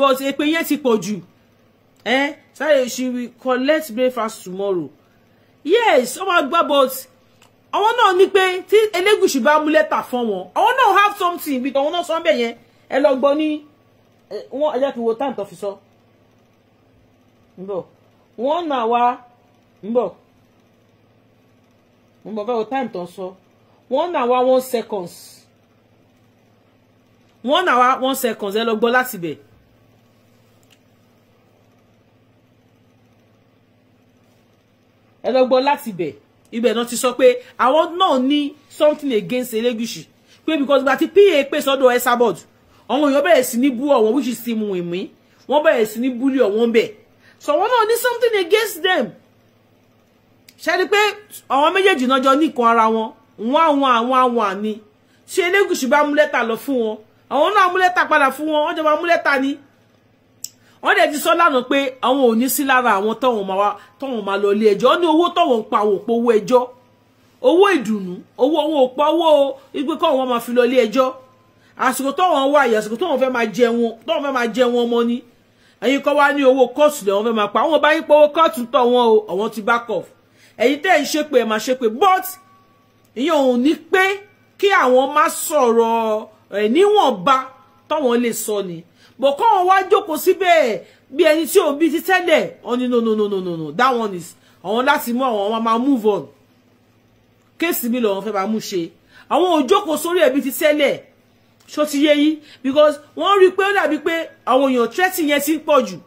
but èpè yẹn ti pọ̀ jù eh Saturday she will collect breakfast tomorrow yes ó máa gbọ́ but àwọn náà ní pé tí Elégùṣì bá mú lẹ́tà fún wọn àwọn náà have something bí tọ̀hún náà sọ bẹ́ẹ̀ yẹn ẹ lọ gbọ́ ní eh, wọ́n ẹ jẹ́ kí wo time tó fi sọ wọ́n nà wá ń bọ̀ ń bọ̀ time tó ń sọ one hour one seconds one hour one seconds ẹ lọ gbọ́ láti bẹ̀. ẹ lọ gbọ́ láti bẹ̀ ibẹ̀ náà ti sọ pé àwọn náà ní something against Elegushi pé because gba ti pa pè sọ́dọ̀ Esabod àwọn èèyàn bẹ̀rẹ̀ sí ní bú ọ̀wọ́n which is simu ìmí wọ́n bẹ̀rẹ̀ sí ní búlì ọ̀wọ́n bẹ̀ so àwọn náà ní something against them ṣe ni pé àwọn méjèèjì náà jọ nìkan ara wọn wọn àwọn àwọn àwọn àní ṣé Elegushi bá mú lẹ́tà lọ fún wọn àwọn náà mú lẹ́tà padà fún wọn wọ́n jọ máa mú lẹ́tà ni wọ́n dẹ̀ ti sọ lánàá pé àwọn ò ní sí lára àwọn tọ́wọ̀n máa wá tọ́wọ̀n máa lọ ilé ẹjọ́ ó ní owó tọ́wọ̀n pa àwọn òpó owó ẹjọ́ owó ìdùnnú owó àwọn òpó owó igbe kọ́ wọn máa fi lọ ilé ẹjọ́ àsìkò tọ́wọ̀n wà yìí àsìkò tọ́wọ̀n fẹ́ máa jẹ wọn tọ́wọ̀n fẹ́ máa jẹ wọn ọmọ ni ẹ̀yin kọ́ wá ní owó kóòtù lẹ́wọ̀n fẹ́ máa pa àwọn bá yín pé owó kóòtù tọ̀ wọn o àwọn ti back off ẹ̀yin tẹ́ ẹ̀ ń ṣépè ẹ̀ máa ṣépè but ìyẹn ò ní pé kí àwọn má sọ̀rọ̀ ẹ̀ níwọ̀nba tọ́wọ̀n lè sọ ni but kọ́ wá jókòó síbẹ̀ bí ẹni tí òbí ti tẹ́lẹ̀ ọ oh, ni no no no no no no that one is àwọn láti mú àwọn ọmọ move on kéèsì mi lọ́wọ́ fẹ́ máa mú ṣe àwọn ò jókòó sórí ẹ̀bí ti tẹ́lẹ̀ ṣó ti yé yín because wọ́n rí i pé ó dàbí pé àwọn èèyàn tẹ́tì yẹn ti ń pọ̀ jù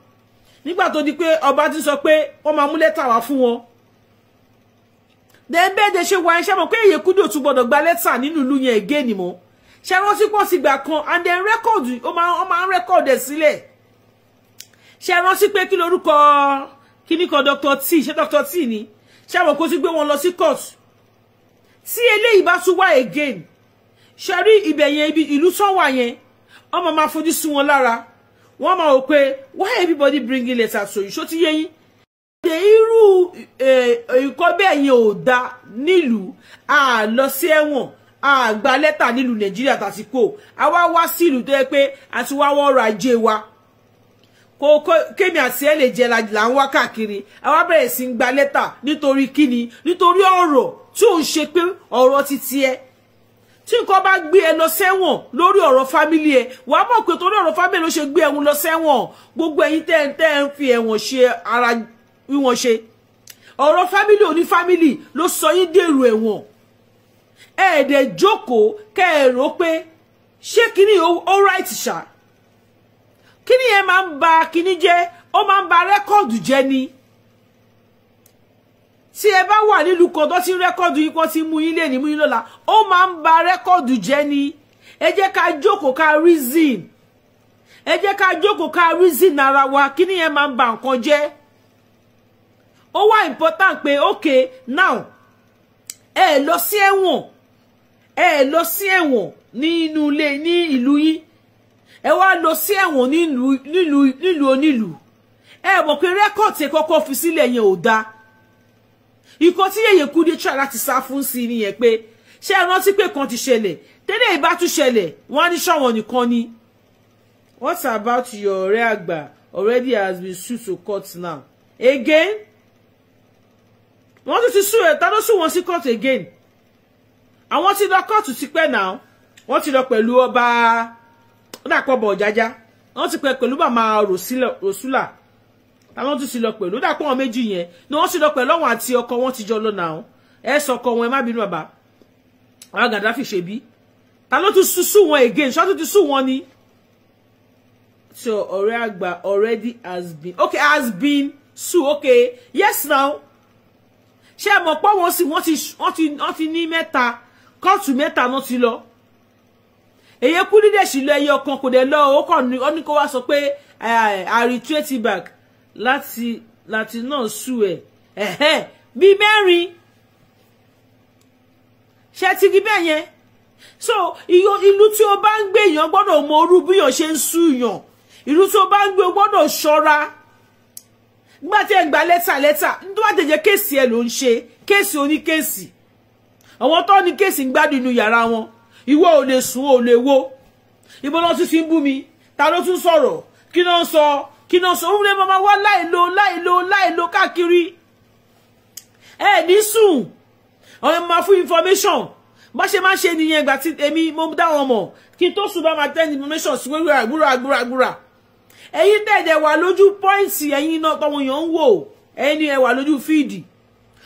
nígbà tó di pé ọba ti sọ pé wọ́n máa mú lẹ́tà wá fún wọn dẹ́ẹ́bẹ́ẹ́dẹ́ ṣe wá iṣẹ́ mọ̀ pé èyí kúdò tún gbọ́dọ̀ gba lẹ́tà nínú ìlú yẹn again mọ́ ṣe rántí pọ̀ sí ìgbà kan and then record ó máa ń record ẹ̀ sílẹ̀ ṣe rántí pé kí lorúkọ kíní kan Dr. T ṣe doctor T ni ṣe àwọn kó sì gbé wọn lọ sí court tí eléyìí bá tún wá again ṣe rí ibẹ̀ yẹn ibi ìlú sanwó yẹn wọ́n máa máa fojú sí wọn lára wọ́n máa wò pé why everybody bringing letter to you ṣó ti yé yín ṣe irú ìkọ́ eh, bẹ́ẹ̀ yẹn ò da nílùú a lọ sí ẹ̀wọ̀n àgbà lẹ́tà nílùú nàìjíríà tàsíkò àwa wá sí ìlú tó yẹ pé àti wá wọ́n ọrọ̀ ajé wa kò kémi àti ẹ̀ lè jẹ́ là ń wá káàkiri àwa bẹ̀rẹ̀ sí ń gba lẹ́tà nítorí kíni nítorí ọ̀rọ̀ tí ò ń ṣe pé ọ̀rọ̀ ti tiẹ̀ tí nǹkan bá gbé ẹ lọ sẹ́wọ̀n lórí ọ̀rọ̀ fámílì ẹ wà á mọ̀ pé torí ọ̀rọ̀ fámílì ló ṣe gbé ẹ̀hún lọ sẹ́wọ̀n gbogbo ẹ̀yin tẹ́ tẹ́ ń fi ẹ̀wọ̀n ṣe ara wíwọ̀n ṣe ọ̀rọ̀ fámílì oní fámílì ló sọ yín dèrò ẹ̀wọ̀n edejoko de joko ke ro pe se kini o right sha ba kini je o ma ba record je ni si e ba wa nilu kan do si record yi ko si mu yin le ni mu yin o ma ba record je ni e je ka joko ka reason e je ka joko ka reason ara wa kini e ma ba nkan je o wa important pe oke now ẹ lọ sí ẹ̀wọ̀n ẹ lọ sí ẹ̀wọ̀n nínú ilé ní ìlú yín ẹ wá lọ sí ẹ̀wọ̀n nílùú onílùú ẹ mọ̀ pé rẹ́kọ̀tì kọ́kọ́ fi sílẹ̀ yẹn ò dáa ìkọ́ tí Yèyé Kúdí tíra láti sá fún sí nìyẹn pé ṣé ẹ rántí pé kan ti ṣẹlẹ̀ tẹ́lẹ̀ ìbá tún ṣẹlẹ̀ wọ́n á ní ṣọ̀wọ́n nìkan ni. What about your ọ̀rẹ́ àgbà already has been sued to court now again wọ́n tún ti sún ẹ̀ tá ló sún wọn sí court again àwọn ti lọ kóòtù ti pẹ́ náà wọ́n ti lọ pẹ̀lú ọba dàpọ̀ bọ̀ jájá wọ́n ti pẹ́ pẹ̀lú màmá rosula táwọn tún ti lọ pẹ̀lú dàpọ̀ wọn méjì yẹn ni wọ́n ti lọ pẹ̀lú ọ̀wọ̀n àti ọkọ wọn ti jọ lọ náà ẹ sọ ọkọ wọn ẹ má bínú bàbá àwọn Gaddafi ṣe bí ta ló tún sún wọn again ṣọ́ tún ti sún wọn ni so ọ̀rẹ́ àgbà already has been okay has been sue okay yes now ṣé mo pọ́ wọn si wọ́n ti ní mẹ́ta kóòtù meta. náà ti lọ èyí kú dídẹ̀ sí lọ ẹyẹ ọkàn kò dẹ̀ lọ ó kàn ní ọ́ní kó wá sọ pé back. bag láti láti náà sù ẹ̀ bíi merry. ṣe ti rí bẹ́ẹ̀ yẹn so ìlú tí o bá ń gbé èèyàn gbọ́dọ̀ mọ orú bí èèyàn ṣe ń sùn yàn ìlú tí o bá ń gbé o gbọ́dọ̀ ṣọ́ra nígbà tí ẹ̀ ń gba lẹ́tà lẹ́tà tó bá jẹjẹ kéèsì ẹ̀ ló kesi ṣe kéèsì oníkéèsì àwọn tó ní kéèsì ń gbádùn inú yàrá wọn ìwọ ò lè sùn ò lè wo ìbọn náà tún fi ń bú mi ta ló tún sọ̀rọ̀ kí náà sọ kí náà sọ òun lè máa wá láìlo láìlo láìlo káàkiri ẹ ní sùn ọ̀rẹ́ máa fún information bá ṣe máa ṣe nìyẹn ìgbà tí èmi mo dá wọn mọ̀ kí n tó sùn bá máa information sí wíwúra àgbúrà àgbúrà àgbúrà ẹ̀yin tẹ̀dẹ̀ wà lójú pọ́ìntì ẹ̀yin iná tọwọn èèyàn ń wò ẹni ẹ̀ wà lójú fíìdì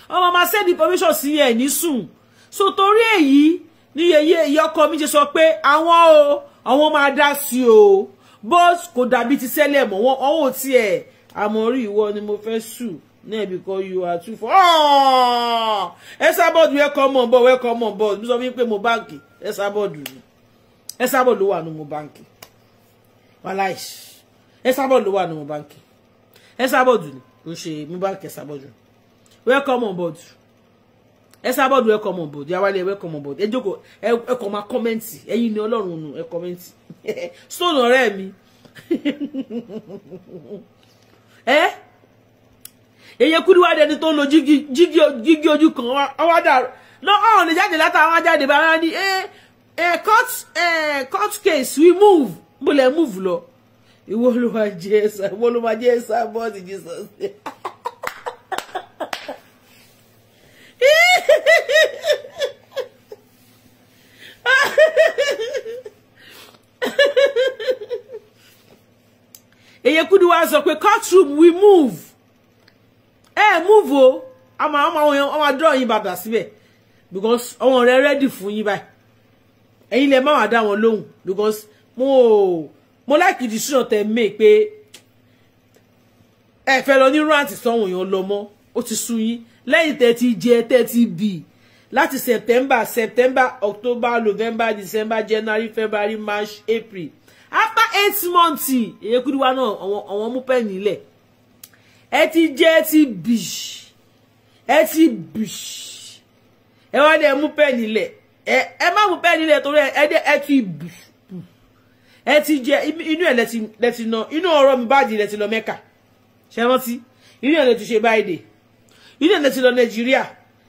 Mama máa the permission sí ẹ̀ ní sùn so torí èyí ni yeye ìyọkọ mi ṣe sọ pé àwọn o àwọn máa dá sí o bó kò dàbí ti sẹ́lẹ̀ mọ́ wọn ọ̀hún tiẹ̀ àmọ́rí ìwọ ni mo fẹ́ sùn náà because you are too far. Esabod come on board come on board bí sọ fún mi pé mo báǹkì Esabod ni Esabod ló wà ní mo báǹkì wàláìsì. Esabod ló wà nínú báǹkì Esabod ni ó ṣe mú báǹkì Esabod welcome on board Esabod welcome on board Yawale welcome on board ẹ jókòó ẹ kàn máa kọ́mẹ́ǹtì ẹ̀yin ni ọlọ́run nù ẹ kọ́mẹ́ǹtì stone ọ̀rẹ́ mi ẹ èyẹ kúrú wá dẹni tó ń lo jígí ojú kan ọwọ́ dàrú lọ́wọ́ ọ̀nà jáde látàwọn jáde bá wá ní ẹ ẹ court case we move mo lè move lọ ìwọ ló máa jẹ ẹsà ìwọ ló máa jẹ ẹsà bọ́ọ̀sì Jesus. Eyekudu wa sọ pé courtroom we move ẹ move o ama ama àwọn ama ọmọ àdúrà yín bàbà síbẹ̀ because ọmọ rẹ rẹ́dì fún yín báyìí ẹ̀yin lè má wàá dá wọn lóhùn because mo ò mo like decision te make pe ẹ fẹ́ lọ ní rant sọ́hun èèyàn lọ mọ́ ó ti sú yín lẹ́yìn tẹ́ ti jẹ te ti bì láti september september october november december january february march april after eight months èyíkúrú wa náà àwọn mú pẹ́ nílẹ̀ ẹ ti jẹ ti bì ẹ ti bì ẹ wá dé mú pẹ́ nílẹ̀ ẹ má mú pẹ́ nílẹ̀ torí ẹ dé ẹ ti bì ẹ ti jẹ inú ẹ lẹ ti ná inú ọ̀rọ̀ mi báàdì lẹ ti lọ mẹ́kà ṣe rántí inú ẹ lẹ ti ṣe báyìí inú ẹ lẹ ti lọ nàìjíríà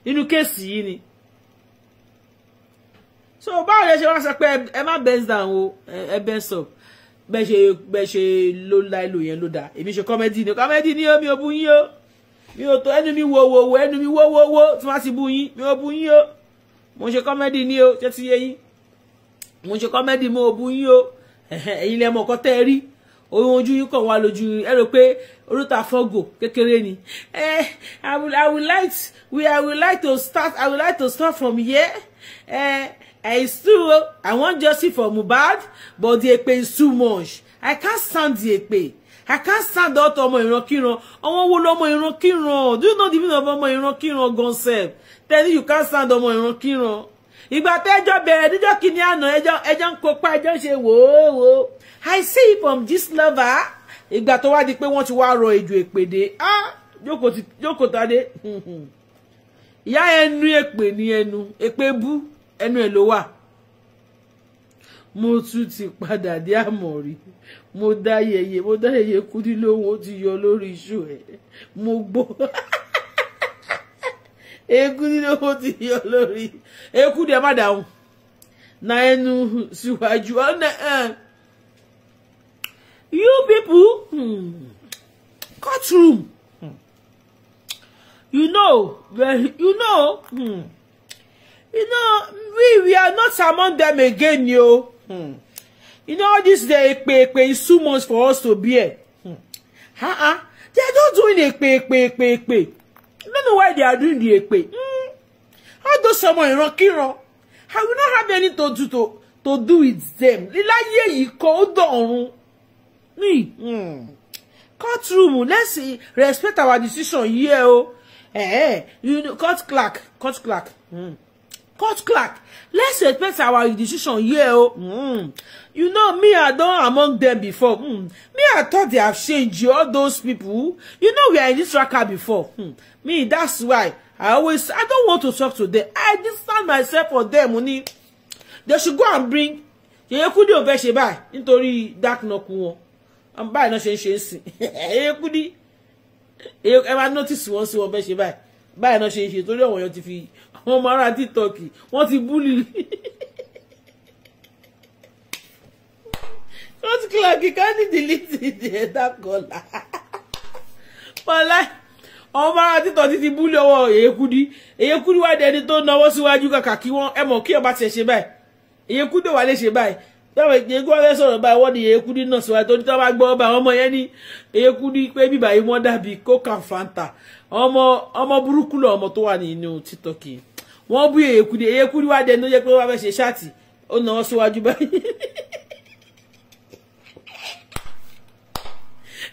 inú kéèsì yìí ni so báwo lẹ ṣe wá sọ pé ẹ má bends down o ẹ bends up bẹ ṣe bẹ ṣe ló láìlò yẹn ló dáa èmi ṣe kọ́mẹ́dì ni kọ́mẹ́dì ni omi òbu yín o mi ò tó ẹnu mi wo wo wo ẹnu mi wo wo wo tí wọ́n ti bu yín mi ò bu yín o mo ṣe kọ́mẹ́dì ni o ṣé ti yé yín mo ṣe kọ́mẹ́dì mo ò bu yín o ẹ̀yin lẹ́mọ̀ ọkọ tẹ́ ẹ rí ohun ojú yín kàn wá lójú ẹ rò pé oríta fọ́gò kékeré ni eh, i will i will like we i will like to start i will like to start from here uh, eh, it's still. i wan justice for Mohbad but the epe is too much i can't stand the epe i can't stand ọ̀tọ̀ ọmọ ìrankíran ọmọ wo lọmọ ìrankíran do you know the meaning of ọmọ ìrankíran gan sef tell me you can't stand ọmọ ìrankíran ìgbà tẹ́jọ́ bẹ̀rẹ̀ níjọ́ kìíní àná ẹjọ́ ń kópa ẹjọ́ ń ṣe wòówò i see from this lover ìgbà tó wá di pé wọ́n ti wá rọ èjò èpèdè jókòó tadé ìyá ẹnu èpè ní ẹnu èpè bú ẹnu ẹ̀ ló wà mo tún ti padà dé àmọ̀rí mo dá yẹyẹ mo dá yẹyẹ kú nílé owó ti yọ lórí iṣu ẹ̀ mo gbọ́. eégún nínú owó ti yọ lórí eékú dẹ má dáhùn na ẹnu síwájú ọ̀nà eh. you people hmm, courtroom hmm. you know you know hmm, you know we we are not among them again yo hmm. you know all this day epe epe is too much for us to bear hmm. Ha? -uh. they don doing epe epe epe epe don't know why they are doing the èpè How hmm. although someone ìran kíran I will not have any to do to to do with them láyé yìí kọ́ ó dọ̀run mi hmm. courtroom let's respect our decision here, oh. Eh, eh, you know, court clerk court clerk. Mm court clerk let's respect our decision here oh. mm. you know me i don among them before mm. me i thought they have changed all those people you know we are in this tracker before mm. me that's why i always i don't want to talk to them i defend myself for them oni they should go and bring yeyekudi ò fẹ́ ṣe báyìí dark knock wọn báyìí náà ṣe ń ṣe é sìn yeyekudi ẹ notice wọn sí wọn fẹ́ ṣe báyìí náà ṣe ṣe torí àwọn èèyàn ti fi àwọn ọmọ ará tiktok wọ́n ti búlì wọ́n ti kílà kíkà ní dìlítì ìdẹ́ta kọlà pọ̀lá ọmọ ará tiktok ti ti búlì ọwọ́ èyekudi èyekudi wá dẹni tó náwó síwájú kàkà kí wọ́n ẹ mọ̀ kí ọba tiẹ̀ ṣe báyìí èyekudi wà lè ṣe báyìí táwọn èkó ọ̀rẹ́ sọ̀rọ̀ báyìí wọ́n ní èékúdí náà sọ àìtọ́ nítorí wọ́n bá gbọ́ ọba àwọn ọmọ yẹn ní èékúdí pé bíbá yìí wọ́n dàbí coke and fanta ọmọ ọmọ burúkú lọ ọmọ tó wà nínú tiktok yìí wọ́n bú èyíkú ni èyíkú ni wá dé ló jẹ́ pé wọ́n fẹ́ ṣe ṣáàtì ó nà wọ́n síwájú báyìí.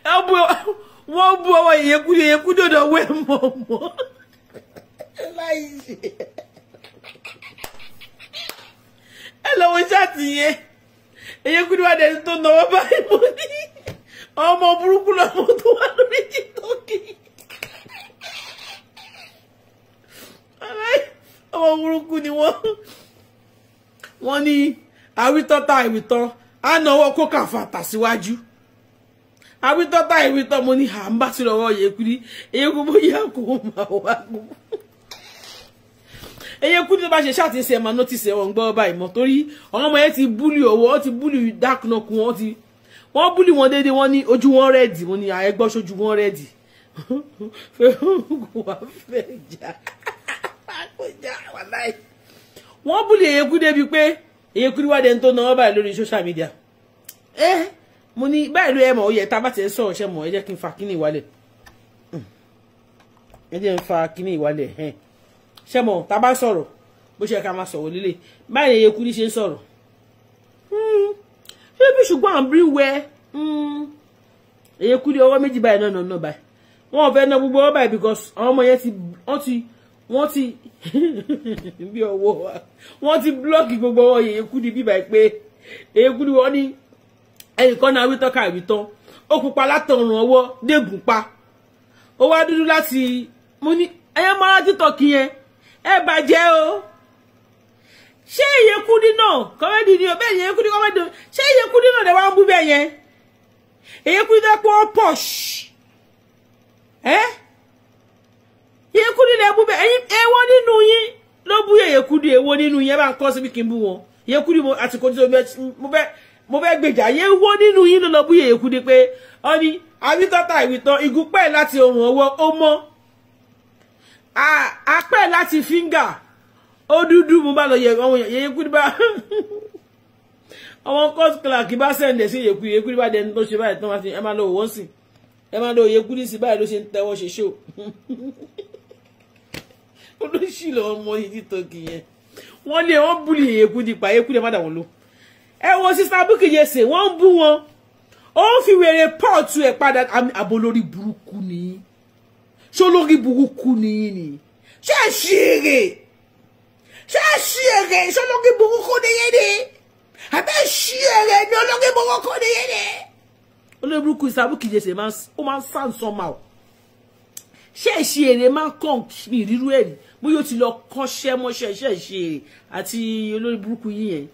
wọ́n bú ọwọ́ èyíkú ni èyíkú dòdò wẹ́ mọ̀ mọ́ láì ṣe ẹ lọ́wọ́ ṣáàtì yẹn èyíkú ni wá dé tó nà wọ́n báyìí mọ́ ní ọmọ burúkú lọ́mọ tó wà lórí tiktok ọmọ burúkú ni wọ́n wọ́n ní awítọ́ta ìwìtọ́ á náwó kókà fàtà síwájú awítọ́ta ìwìtọ́ mo ní à ń bá sí lọ́wọ́ yẹkuri eyeku bóyá kò máa wá kú eyeku tó bá ṣe ṣáà ti ń ṣe ẹ̀ma notice ẹ̀wọ̀n gbọ́ báyìí mọ́ torí àwọn ọmọ yẹn ti búlì owó ó ti búlì dákùnàkùn ó ti wọ́n búlì wọn déédéé wọ́n ní ojú wọn rẹ́ẹ̀dì wọ́n ní àyẹ́gbọ́sọ́jú wọn rẹ́ẹ̀dì fẹ́ kó wá fẹ́ wọ́n búlì èyekú débi pé èyekú ni wádìí ẹni tó náwó báyìí lórí social media ẹ mo ní báyìí ló ẹ mọ̀ ó yẹ tá a bá ti ẹ sọ̀rọ̀ ṣe mọ̀ ẹ jẹ́ kí n fa kíní ìwálẹ̀ hmm. ẹ jẹ́ n fa kíní ìwálẹ̀ ẹ ṣe mọ̀ tá a bá sọ̀rọ̀ bó ṣe ká máa sọ̀rọ̀ líle báyìí èyekú ni ṣe ń sọ̀rọ̀ hmm. ṣé bí ṣùgbọ́n àbúrí wẹ èyekú hmm. ni ọwọ́ méjì báyìí náà náà báyìí wọn fẹ́ ná gbogbo ọwọ́ because àwọn wọ́n ti bí ọwọ́ wọ́n ti búlọ́ọ̀kì gbogbo ọwọ́ yẹn èkú ni bíbá pé èkú ni wọ́n ní ẹnìkan náà wí tọ́ka ìwí tán ó pupa látọrùn ọwọ́ dégùn pa ó wá dúdú láti mo ní ẹyẹ mọ́ra títọ́ kí yẹn ẹ bàjẹ́ o ṣé Yékúdí náà kọ́mẹ́dì ni o bẹ́ẹ̀ yẹn Yékúdí kọ́mẹ́dì o ṣé Yékúdí náà lè wá ń bú bẹ́ẹ̀ yẹn Yékúdí tó pọ̀ pọ̀ṣ ẹ́. Eh? Yekudi lè bú bẹ́ẹ̀ ẹ̀yin èwo nínú yín ló bú Yekudi èwo nínú yín ẹ e bá ń kọ́ síbi kí n bú wọn Yekudi mo àti kò tí mo bẹ́ẹ̀ mo fẹ́ gbèjà yé wó nínú yín ló lọ bú Yékúdé pé ọ ní abítọ́ta ìwìtàn igun pẹ́ láti ohun ọwọ́ ó mọ́ apẹ́ láti fíńgà ó dúdú mo bá lọ yẹ ọmọ Yékúdé bá ọmọ court clerk bá sẹ̀ǹdẹ̀ sí Yékúdé Yékúdé bá dẹni tó ṣe báyìí tán wá sí ẹ máa lọ òwò sí ẹ máa lọ Yékúdé sí báyìí ló ṣe ń tẹwọ́ ṣe ṣó olóṣìlọ ọmọ yìí títọ́kì yẹn wọ́n lé wọ́n búlì èkú nípa èkú lè má dà wọ́n lò ẹ wo sista búkì yẹn sè wọ́n ń bú wọn ó ń fi wèrè pọ́ọ̀tù ẹ̀ padà àbò lórí burúkú ni ṣó lórí burúkú ni ni ṣé ẹ ṣeré ṣé ẹ ṣeré ṣó lórí burúkú ni yé ni àbẹ́ ṣeré ni olórí burúkú ni yé ni olórí burúkú sista búkì yẹn sè ó máa ń sàn sọ́mà o ṣẹ́ẹ̀ṣì èrè máa ń kàn bí ìrírú èrè bóyá ó ti lọ kọ́ṣẹ́ mọ́ṣẹ́ ṣẹ́ẹ̀ṣì èrè àti olórí burúkú yìí yẹn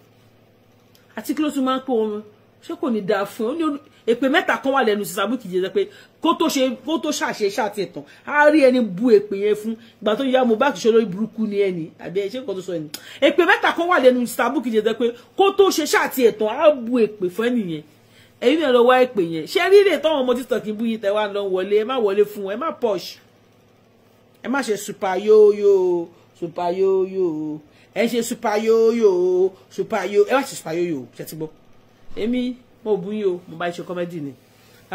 àti kí ló tún máa ń pè wọn ṣé kò ní dáa fún un èpè mẹ́ta kan wà lẹ́nu sísàbùkì jẹ́ pé kó tó ṣe kó tó ṣàṣe ṣàti ẹ̀tàn á rí ẹni bu èpè yẹn fún ìgbà tó yá Mohbad ṣe lórí burúkú ni ẹni àbí ẹ ṣé nǹkan tó sọ ẹni èpè mẹ́ta kan wà lẹ́nu sísàbùkì jẹ́ pé kó tó ṣe ṣàti ẹ̀tàn á bu èpè fún ẹnìyẹn ẹ̀yin náà lọ wá èpè yẹn ṣé rí ilé tọ́wọ́n ọmọ títàn kí bú yín tẹ́ ẹ má ṣe super yóyó super yóyó ẹ ṣe super yóyó super yóyó ẹ má ṣe super yóyó ṣe ti gbọ́ èmi mo bú yín o mo bá ṣe kọ́mẹ́dì ni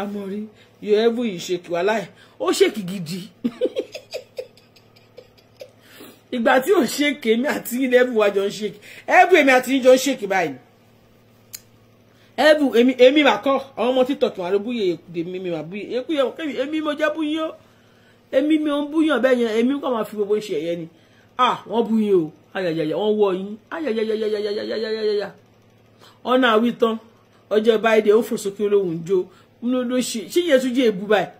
amọ̀rí yóò ẹ́ bú yìí ṣe kìwá láì ó ṣèkì gidi ìgbà tí ò ṣèkì èmi àti yín lẹ́bù wa jọ ń ṣèkì ẹ̀bù èmi àti yín jọ ń ṣèkì báyìí ẹ̀bù èmi èmi mà kọ́ àwọn ọmọ títọ̀ kí wọn ló búyè èmi mà búyè èmi mo jẹ́ búyè o èmi mi ò ń búyàn bẹ́ẹ̀ yẹn èmi kò máa fi gbogbo ṣe ẹ̀yẹ ni ah wọ́n bú yín o ayayaya wọ́n wọ yín ayayayayayayayayaya ọ̀nà àwítán ọjọ́ báyìí ó fò sókè olóhùn jó ló ṣe ṣé yẹn tún jẹ́ èbú báyìí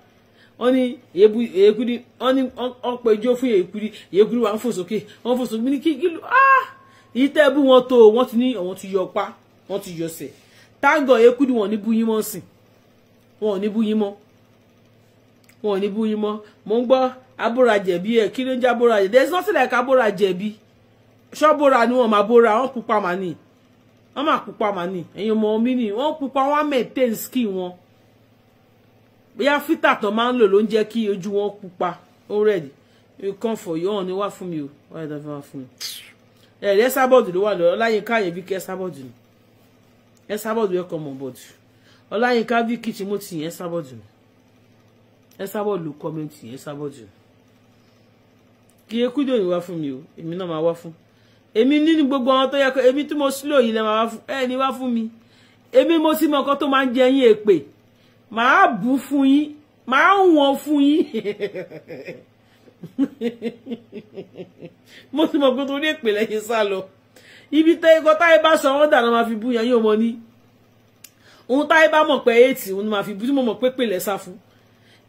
wọ́n ní èébú èékúdí wọ́n ní ọ̀pọ̀ ìjó fún èékúdí èékúdí wà ń fò sókè wọ́n fò sókè ní kíkí lu ah èyí tẹ́ bú wọn tó wọ́n ti ní àwọn ti yọ pa wọ́n ti yọ sẹ̀ táǹgọ̀ èékúdí wọn ò ní bú yín mọ́ sìn wọn ò ní bú yín mọ́ wọn ò ní bú yín mọ́ mò ń gbọ́ abórajẹ̀bi ẹ̀ kí ló ń jẹ́ abórajẹ̀ there is nothing like abórajẹ̀bi ṣọ́bóra ni wọ́n máa bóra wọ́n pupa mà ní wọ́n máa pupa mà ní ẹ̀yin ọmọ mi ni wọ́n pupa wọ́n maintain skin wọn bóyá fítà tó máa ń lò ló ń jẹ́ kí ojú wọn pupa already you come for you ọ̀hún ni wá fún mi o wọ́n yẹ dáfẹ́ wá fún mi ẹ̀rí ẹ sábọ̀dù ló wà lọ ọláyínká yẹn bí kẹ́ sábọ̀dù ni ẹ sábọ̀dù yẹ kọ́ mọ̀ bọ̀dù ọláyínká bí kìtìmọ́tì yẹn sábọ̀dù ni ẹ sábọ̀ lu kọ́mẹ́ǹtì yẹn sábọ̀ jù kí ekú dòní wá fún mi o èmi náà máa wá fún èmi nínú gbogbo àwọn tó yẹ kó èmi tí mo slow yìí lẹ máa wá fún ẹ ní wá fún mi èmi mo sì mọ nǹkan tó máa ń jẹ yín èpè màá bù fún yín màá wọ̀n fún yín mo sì mọ pé torí èpè lẹ́yìn sá lọ ibi tẹ ikọ táyé bá sọ wọn dànù máa fi bú yan yín ọmọ ní òun táyé bá mọ̀ pé eight òun máa fi bú tí mo mọ̀ pé pèlè sá fún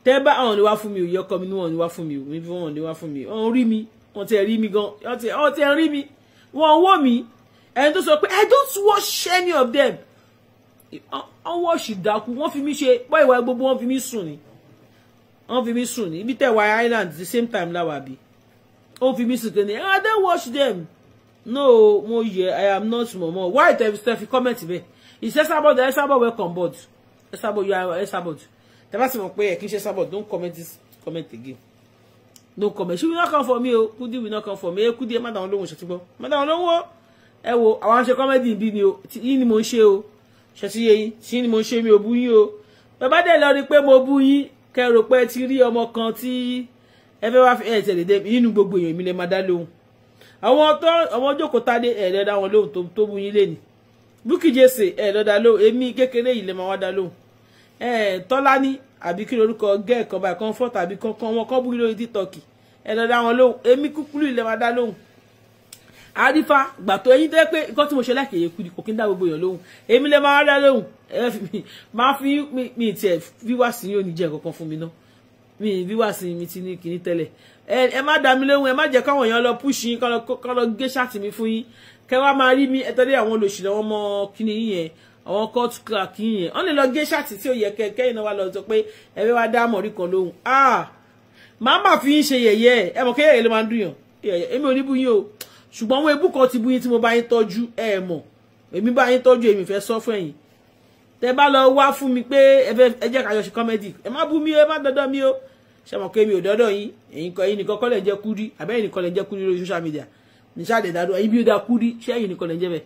tẹ́ bá àwọn ni wá fún mi òye ọkọ mi ni ni wá fún mi òye bí wọ́n ni wá fún mi wọ́n rí mi wọ́n ti rí mi gan wọ́n ti rí mi wọ́n wọ́ mi ẹni tó sọ pé I don't watch any of them wọ́n wọ́ọ̀ṣì dákú wọ́n fi mí ṣe pọ́ ìwà gbogbo wọ́n fi mí sùn ni wọ́n fi mí sùn ní ibi tẹ̀wá island the same time láwa bi ó fi mí sùn kí I don't watch them no mo yẹ I am not mọ̀mọ́ why tẹ̀ fi comment bẹ́ẹ̀ ìṣẹ́sábọ̀dọ̀ ẹ̀sábọ̀ welcome board ẹ̀sábọ̀ you are ẹ̀sábọ̀dọ̀ tẹ́ bá sì mọ̀ pé ẹ̀ kí n ṣe sábọ̀ don't comment this comment again don't comment ṣé we not come for me o Kudi we not come for me ẹ Kudi ẹ má dáwọn lóhùn ṣètìgbọ́ má dáwọn lóhùn o ẹ wo àwọn ṣe comedy bí ni o tí yín ni mo ń ṣe o ṣètì yẹ yín tí yín ni mo ń ṣe mi ò bú yín o bàbá dẹ̀ lọ rí pé mo bú yín kẹ́ rò pé ti rí ọmọ kan tí ẹ fẹ́ wá fi ẹ̀ tẹ̀lé dẹ́mi nínú gbogbo èèyàn mi lẹ́ máa dá lóhùn àwọn tó àwọn jókòó tádé ẹ̀rẹ́ dá wọn lóhùn tó bú yín lénìí Bukky Jesse ẹ̀rọ dá lóhùn èmi kékeré yìí lè máa wá dá lóhùn Tọ́lání àbí kí lorúkọ gẹ́ẹ̀ kan báyìí comfort àbí kankan wọn kọ́ búrí lórí tiktok ẹ lọ dá wọn lóhùn èmi kúkúrú ilẹ̀ wa dá lóhùn àdìfá gbà tó eyín tẹ́ pé nǹkan tí mo ṣe láìpẹ́ yẹ kúri kò kí n dá gbogbo èèyàn lóhùn èmi lè máa dá lóhùn máa fi mi tiẹ̀ wíwá sí yóò ní jẹ́ kankan fún mi náà mi wíwá sí mi ti ní kíní tẹ́lẹ̀ ẹ má dá mi lóhùn ẹ má jẹ́ káwọn èèyàn lọ púṣì yín kán lọ gé ṣáàtì mi fún yín kẹ́ wá máa rí mi ẹ tẹ́lẹ̀ àwọn olóṣèlú ọmọ kíní yín yẹn àwọn court clerk yẹn wọ́n lè lọ gé ṣáàtì tí ó yẹ kẹ́kẹ́ iná wa lọ sọ pé ẹ̀rẹ́ wa dá mọ̀rí kan lóhùn ah! màmá fi ń ṣe yẹ̀yẹ́ ẹ mọ̀ kéyẹ̀yẹ́ ló máa ń dùn yàn èmi ò ní bú yín o ṣùgbọ́n àwọn ebú kan ti bú yín tí mo bá yín tọ́jú ẹ mọ̀ èmi bá yín tọ́jú èmi fẹ́ sọ fún ẹ̀yin tẹ bá lọ wá fún mi pé ẹ jẹ́ ká jọ ṣe kọ́mẹ́dì ẹ má bú mi o ẹ má dandan mi o ṣe mọ̀ pé mi ò dọ́dọ̀ yín ẹ̀yin kan ẹ̀yin nìkan kọ́ lẹ̀ ń jẹ́ kúrí àbẹ́yìn nìkan lẹ̀ ń jẹ́ kúrí lórí social media níṣàdẹ̀dàdọ̀ ẹ̀yin bí ó dá kúrí ṣé ẹ̀yin nìkan lẹ̀ ń jẹ́ bẹ́ẹ̀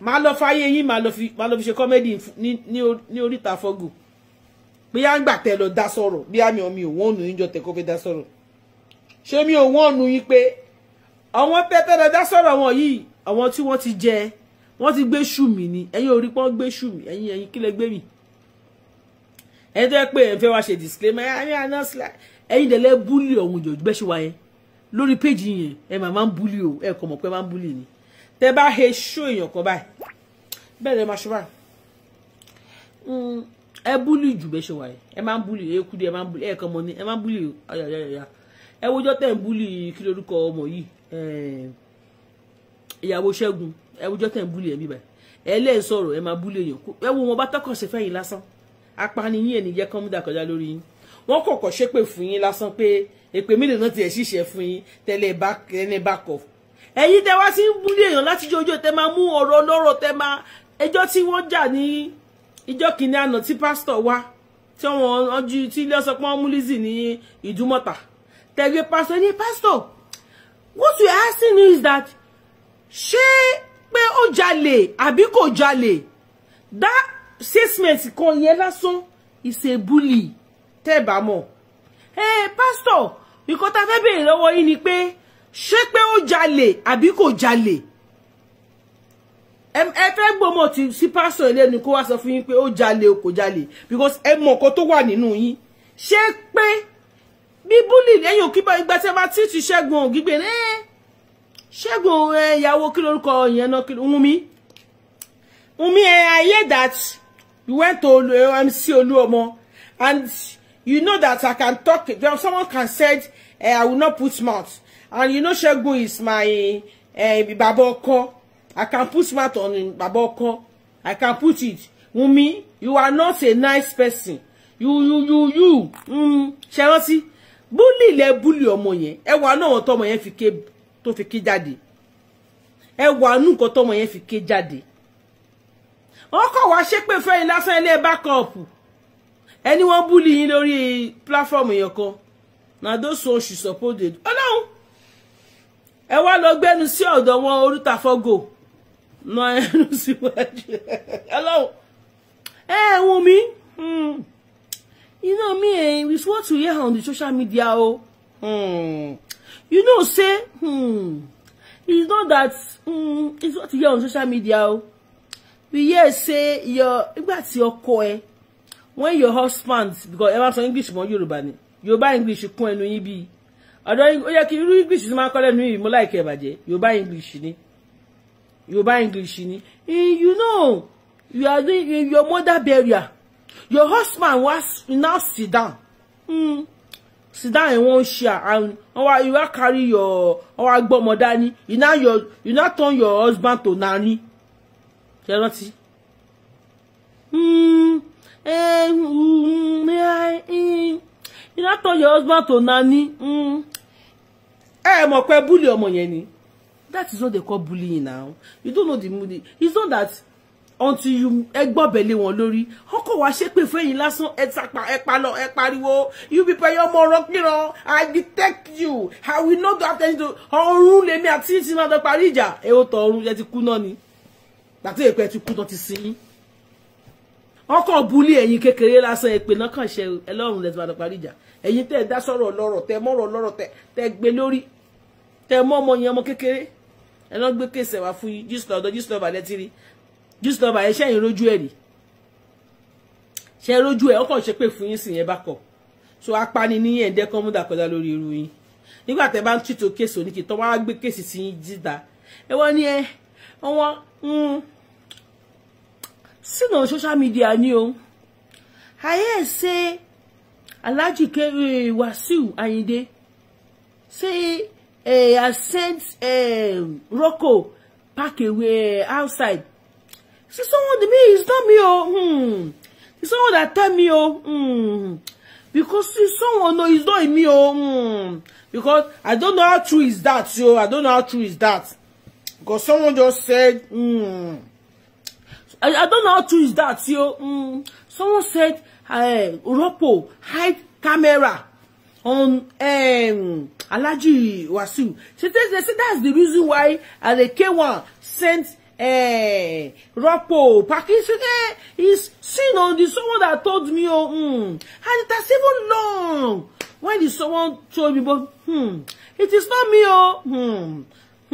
máa lọ fáyé yín máa lọ fi máa lọ fi ṣe kọ́mẹ́dì ní oríta fọ́gù bóyá ń gbà tẹ lọ dá sọ̀rọ̀ bí àmì ọ̀mì òun ọ̀nù yín jọ tẹ̀kọ́ fẹ́ dá sọ̀rọ̀ ṣé mi òun ọ̀nù yín pé àwọn tẹ́tẹ́ lọ dá sọ̀rọ̀ wọn yìí àwọn tí wọ́n ti jẹ wọ́n ti gbé ṣù mí ni ẹ̀yin orí pọ́n gbé ṣù mí ẹ̀yin ẹ̀yin kílẹ̀ gbé mi ẹ̀yin tó yẹ pé ẹ̀ fẹ́ wá ṣe disclaimer ẹ̀yin dẹ̀ búlì ọ̀hún jọ̀ bẹ́ṣẹ̀ wáyé lórí péjì yẹn ẹ̀ màmá ń búlì o ẹ̀ kọ̀ mọ̀ pé máa ń búlì ni tẹ bá he ṣó èèyàn kan báyìí bẹ́ẹ̀ lẹ máa ṣọ́ báyìí hmm, ẹ búlì jù bẹ́ẹ̀ ṣe wà yìí ẹ máa ń búlì ẹ kúdí ẹ máa ń búlì ẹ kàn mọ́ ni ẹ máa ń búlì ayayaya ẹ wojọ́ tẹ̀ ń búlì kí lorúkọ ọmọ yìí ìyàwó ṣẹ́gun ẹ wojọ́ tẹ̀ ń búlì ẹ̀mí báyìí ẹ lẹ́ ń sọ̀rọ̀ ẹ máa búlì èèyàn ẹ wo wọn bá tọkànṣe fẹ́yìn lásán apaniyín ẹ̀ nìyẹn kán mú dàkọjá lórí yín wọn kọ̀kọ̀ ṣépè fún yín lásán pé èpè mílíọ̀nù náà tiẹ̀ ṣiṣẹ́ fún yín tẹ́lẹ̀ back off ẹ̀yin tẹ wá sí ń búlé èèyàn láti jọjọ tẹ máa mú ọ̀rọ̀ lọ́rọ̀ tẹ máa ẹjọ́ tí wọ́n jà ní ìjọ́ kìíní àná tí pásítọ̀ wá tí wọ́n ọjú tí ilé ọsọ pọ́n mú Lizzy ní Ìdúmọ̀tà tẹ̀lé pásítọ̀ ní pásítọ̀ what you asking is that ṣé pé ó jalè àbí kò jalè that statement kan yẹn lásán is a bully tẹ́ ẹ bá mọ̀ ẹ pásítọ̀ nǹkan tá a fẹ́ béèrè lọ́wọ́ yín ni pé ṣé pé ó jalè àbí kò jalè ẹ fẹ́ gbọ́mọ tí sí pásọ̀ ẹlẹ́nu kó wá sọ fún yín pé ó jalè kò jalè because ẹ mọ̀ nǹkan tó wà nínú yín ṣé pé bí búlì lẹ́yìn òkíbọ̀ ìgbà tí ẹ bá tí ti ṣẹ́gun ògígbè ní eh, ṣẹ́gun ìyàwó kí lórúkọ yẹn náà kí Wunmi Wunmi I hear that you went to eh, MC Oluomo and you know that I can talk someone can say, uh, eh, I will not put mouth and you know Segun is my uh, baba oko I can put smart on baba oko I can put it Wunmi you are not a nice person you you you you mm, ṣẹrántí búlì ilẹ̀ búlì ọmọ yẹn ẹ wà náà tọmọ yẹn fi ké tó fi ké jáde ẹ nù nǹkan tọmọ yẹn fi ké jáde wọn kọ wá ṣépè fẹyìn lásán ilé bákọọpù ẹni wọn búlì yín lórí pílàfọọmù yẹn na those ones she suppose dey Ọlọ́run ẹ wá lọ gbẹnu sí ọ̀dọ̀ wọn oríta fọgò na ẹnu síwájú Ọlọ́run ẹ ẹwọn mi hmm. you know me eh, with what you hear on the social media o hmm. you know say hmm, it's not that hmm, it's what you hear on social media o we hear say your ìgbà tí ọkọ ẹ when your husband because ẹ máa sọ English mọ́ Yorùbá ni Yorùbá English kún ẹnu yín bíi ọ̀dọ̀ ó yẹ kí irú english tí máa ń kọ́ lẹ́nu yìí ìbàjẹ́ yorùbá english ni yorùbá english ni you know you are doing in your mother burial your husband was now sit down mm. sit down in one chair and ọwa you are carry your ọwa gbọmọ dání you now your you now turn your husband to nanny ṣe rántí. Mm, eh, mm, eh, mm. You now turn your husband to nanny. Mm ẹ mọ̀ bully ọmọ yẹn ni that is what they call bullying now you don't know the movie it's not that until you ẹ gbọ́bẹ̀lé wọn lórí ọkọ̀ wá ṣépè fún ẹ̀yin lásán ẹ tapa ẹ palọ ẹ pariwo you be pẹ̀yọ́ ọmọ ọ̀rọ̀ pírọ̀ i detect you i will not do after you ọ̀run lèmi àti ìtì máa dọ̀ parí ìjà ẹ ó tọ ọ̀run ẹ ti kú náà ni gbàtí èpè ti kú náà ti sin ọkọ̀ bulí ẹ̀yin kékeré lásán èpè náà kàn ṣe ẹlọ́run lẹ́tí máa dọ̀ parí ìjà ẹ̀yin tẹ́ ẹ dá sọ̀rọ̀ lọ́rọ̀ tẹ́ mọ́rọ̀ lọ́rọ̀ tẹ́ gbé lórí tẹ mọ ọmọ yẹn ọmọ kékeré ẹ lọ gbé kéèsì wá fún yín jíṣù lọ́dọ̀ jíṣù lọba lẹtí rí jíṣù lọba ẹ ṣẹyìn rojú ẹ rí ṣe rojú ẹ ọkọ ṣe pé fún yín sì yẹn bá kọ so apani ní yẹn dẹkọ mú dàkọdá lórí irú yín nígbà tẹ bá ń tìtò kéèsì oníkì tó wá gbé kéèsì sí yín jíta ẹ wọ́n ní ẹ wọ́n hmm, sínú social media ni o I hear say Alhaji eh, Wasiu Ayinde say uh, I sent uh, Rocco pack away outside. See someone to me, it's not me, oh. Hmm. It's someone that tell me, oh. Hmm. Because see someone, no, it's not me, oh. Hmm. Because I don't know how true is that, yo. I don't know how true is that. Because someone just said, hmm. I, I don't know how true is that, yo. Hmm. Someone said, hey, eh, Rocco, hide camera on um, Alaji Wasu. She says they say that's the reason why the K1 sent uh, Ropo Pakistan is eh, seen on the someone that told me, oh, hmm, and it has even long. When the someone told me, but hmm, it is not me, oh, hmm,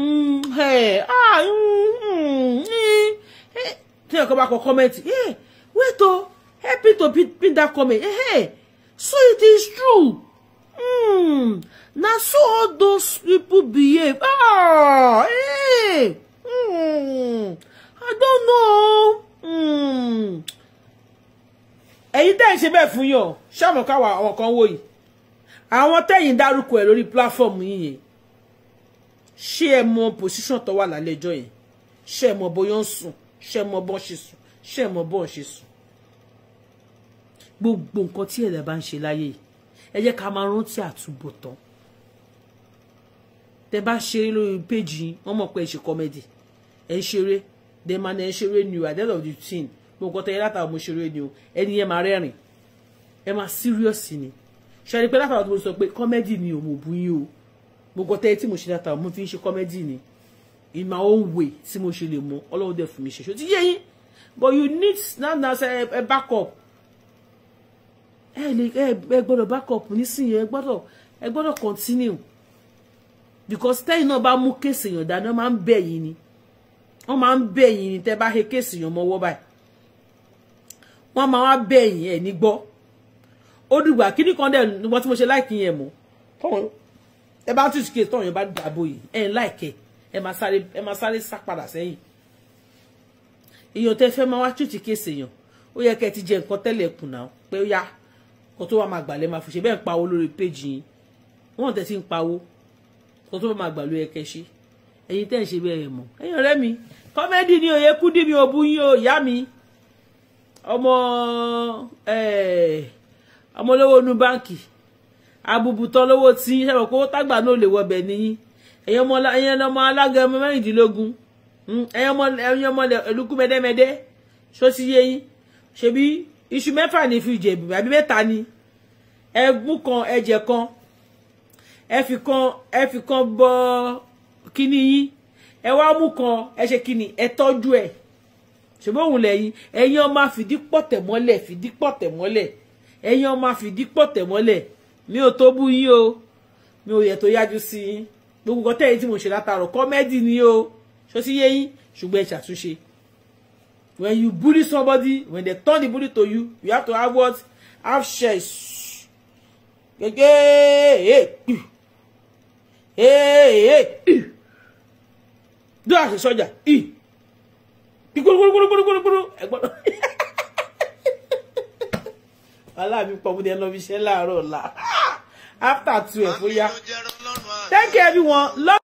hmm, hey, ah, hmm, hmm, eh, hey, tell come back or comment, yeah, wait, oh, happy to pin that comment, hey, eh, eh. so it is true hmm na so all those people behave ah hey eh. hmm i don't know hmm ẹ̀yin tẹ́yin ṣe bẹ́ẹ̀ fún yín o ṣàmùkáwà àwọn kan wò yìí àwọn tẹ́yin dárúkọ ẹ̀ lórí platform yìí yẹn ṣé ẹ mọ position tó wà lálẹ́ ẹjọ́ yẹn ṣé ẹ mọ bóyá ń sùn ṣé ẹ mọ bọ́n ṣe sùn ṣé ẹ mọ ẹ jẹ́ ká máa rántí àtúbọ̀tán tẹ bá ṣeré lórí péjì yín wọ́n mọ̀ pé ẹ ṣe kọ́mẹ́dì ẹ ń ṣeré dẹ máa ní ẹ ń ṣeré ni o at the end of the thing mo kọ́ tẹ́yẹ látàwọn mo ṣeré ni o ẹni yẹn máa rẹ́rìn ẹ máa serious ni ṣẹ́ni pé látàwọn mo sọ pé kọ́mẹ́dì ni o mo bú yín o mo kọ́ tẹ́yẹ tí mo ṣe látàwọn mo fi ń ṣe kọ́mẹ́dì ni in my own way tí mo ṣe lè mọ ọlọ́run dẹ̀ fún mi ṣe ṣe ti yé yín but you need now now say backup ẹ lè ẹ gbọ́dọ̀ back up nísìnyẹn ẹ gbọ́dọ̀ ẹ gbọ́dọ̀ continue because tẹ́yìn náà bá mú kéèsì yàn dání wọ́n máa ń bẹ̀ yín ni wọ́n máa ń bẹ̀ yín ni tẹ́ bá he kéèsì yàn mọ́wọ́ báyìí wọ́n máa wá bẹ̀ yín ẹ̀ ní gbọ́ ó dùgbà kí ni kan dẹ̀ wọ́n tí mo ṣe láìkí yẹn mọ́ tọ́wọ́n ẹ bá tún ṣìkè tọ́wọ́n yẹn bá dàbò yìí ẹ̀ ń láìkẹ́ ẹ máa sáré ẹ máa sáré sá padà sẹ́yìn èèyàn tẹ́ fẹ́ máa wá tún ṣìkè sèèyàn ó yẹ kẹ́ ti jẹ nǹkan tẹ́lẹ̀ kùnà pé ó yá kó tó wá máa gbà lẹ́ máa fi ṣe bẹ́ẹ̀ ń pawó lórí péjì yín wọ́n tẹ̀ sí ń pawó kó tó wá máa gbà ló yẹ kẹ́ ṣe ẹ̀yin tẹ́ ń ṣe bẹ́ẹ̀ mọ̀ ẹ̀yin ọ̀rẹ́ mi kọ́mẹ́dì ni òye kú dí mi òbu yín o ìyá mi ọmọ ọmọ olówó inú báǹkì abùbùtọ́ lówó tí ṣàbọ̀ pé ó tágbà náà lè wọbẹ̀ níyìn ẹ̀yin ọmọ alága ọmọ mẹ́rìndínlógún hmm, ẹ̀yin ọmọ ẹ̀lúkú mẹ́dẹ́mẹ́dẹ́ ṣó ti yé yín ṣebí iṣu mẹ́fà ní fi jẹ̀bù àbí mẹ́ta ni ẹ mú kan ẹ jẹ kan ẹ fi kan ẹ fi kan bọ kíní yín ẹ wá mú kan ẹ ṣe kíní ẹ tọ́jú ẹ̀ ṣùgbọ́n òun lẹ́yìn ẹ̀yin ọmọ àfìdí pọ̀tẹ̀ mọ́lẹ̀ fìdí pọ̀tẹ̀ mọ́lẹ̀ ẹ̀yin ọmọ àfìdí pọ̀tẹ̀ mọ́lẹ̀ mi ò tó bú yín o mi ò yẹ tó yájú sí yín gbogbo nǹkan tẹ́yìn tí mo ṣe látàrọ̀ kọ́mẹ́dì ni o ṣó sì yé yín ṣùgbọ́n ẹ ṣàtúnṣe When you bully somebody, when they turn the bully to you, you have to have what? Have shares. Hey, hey, hey. Hey, hey. Do as a soldier. E. Aláàbí pọ̀ bó de lọ fi ṣe láàárọ̀ ọ̀la. After two ẹ̀ fóyá. Thank you everyone. Love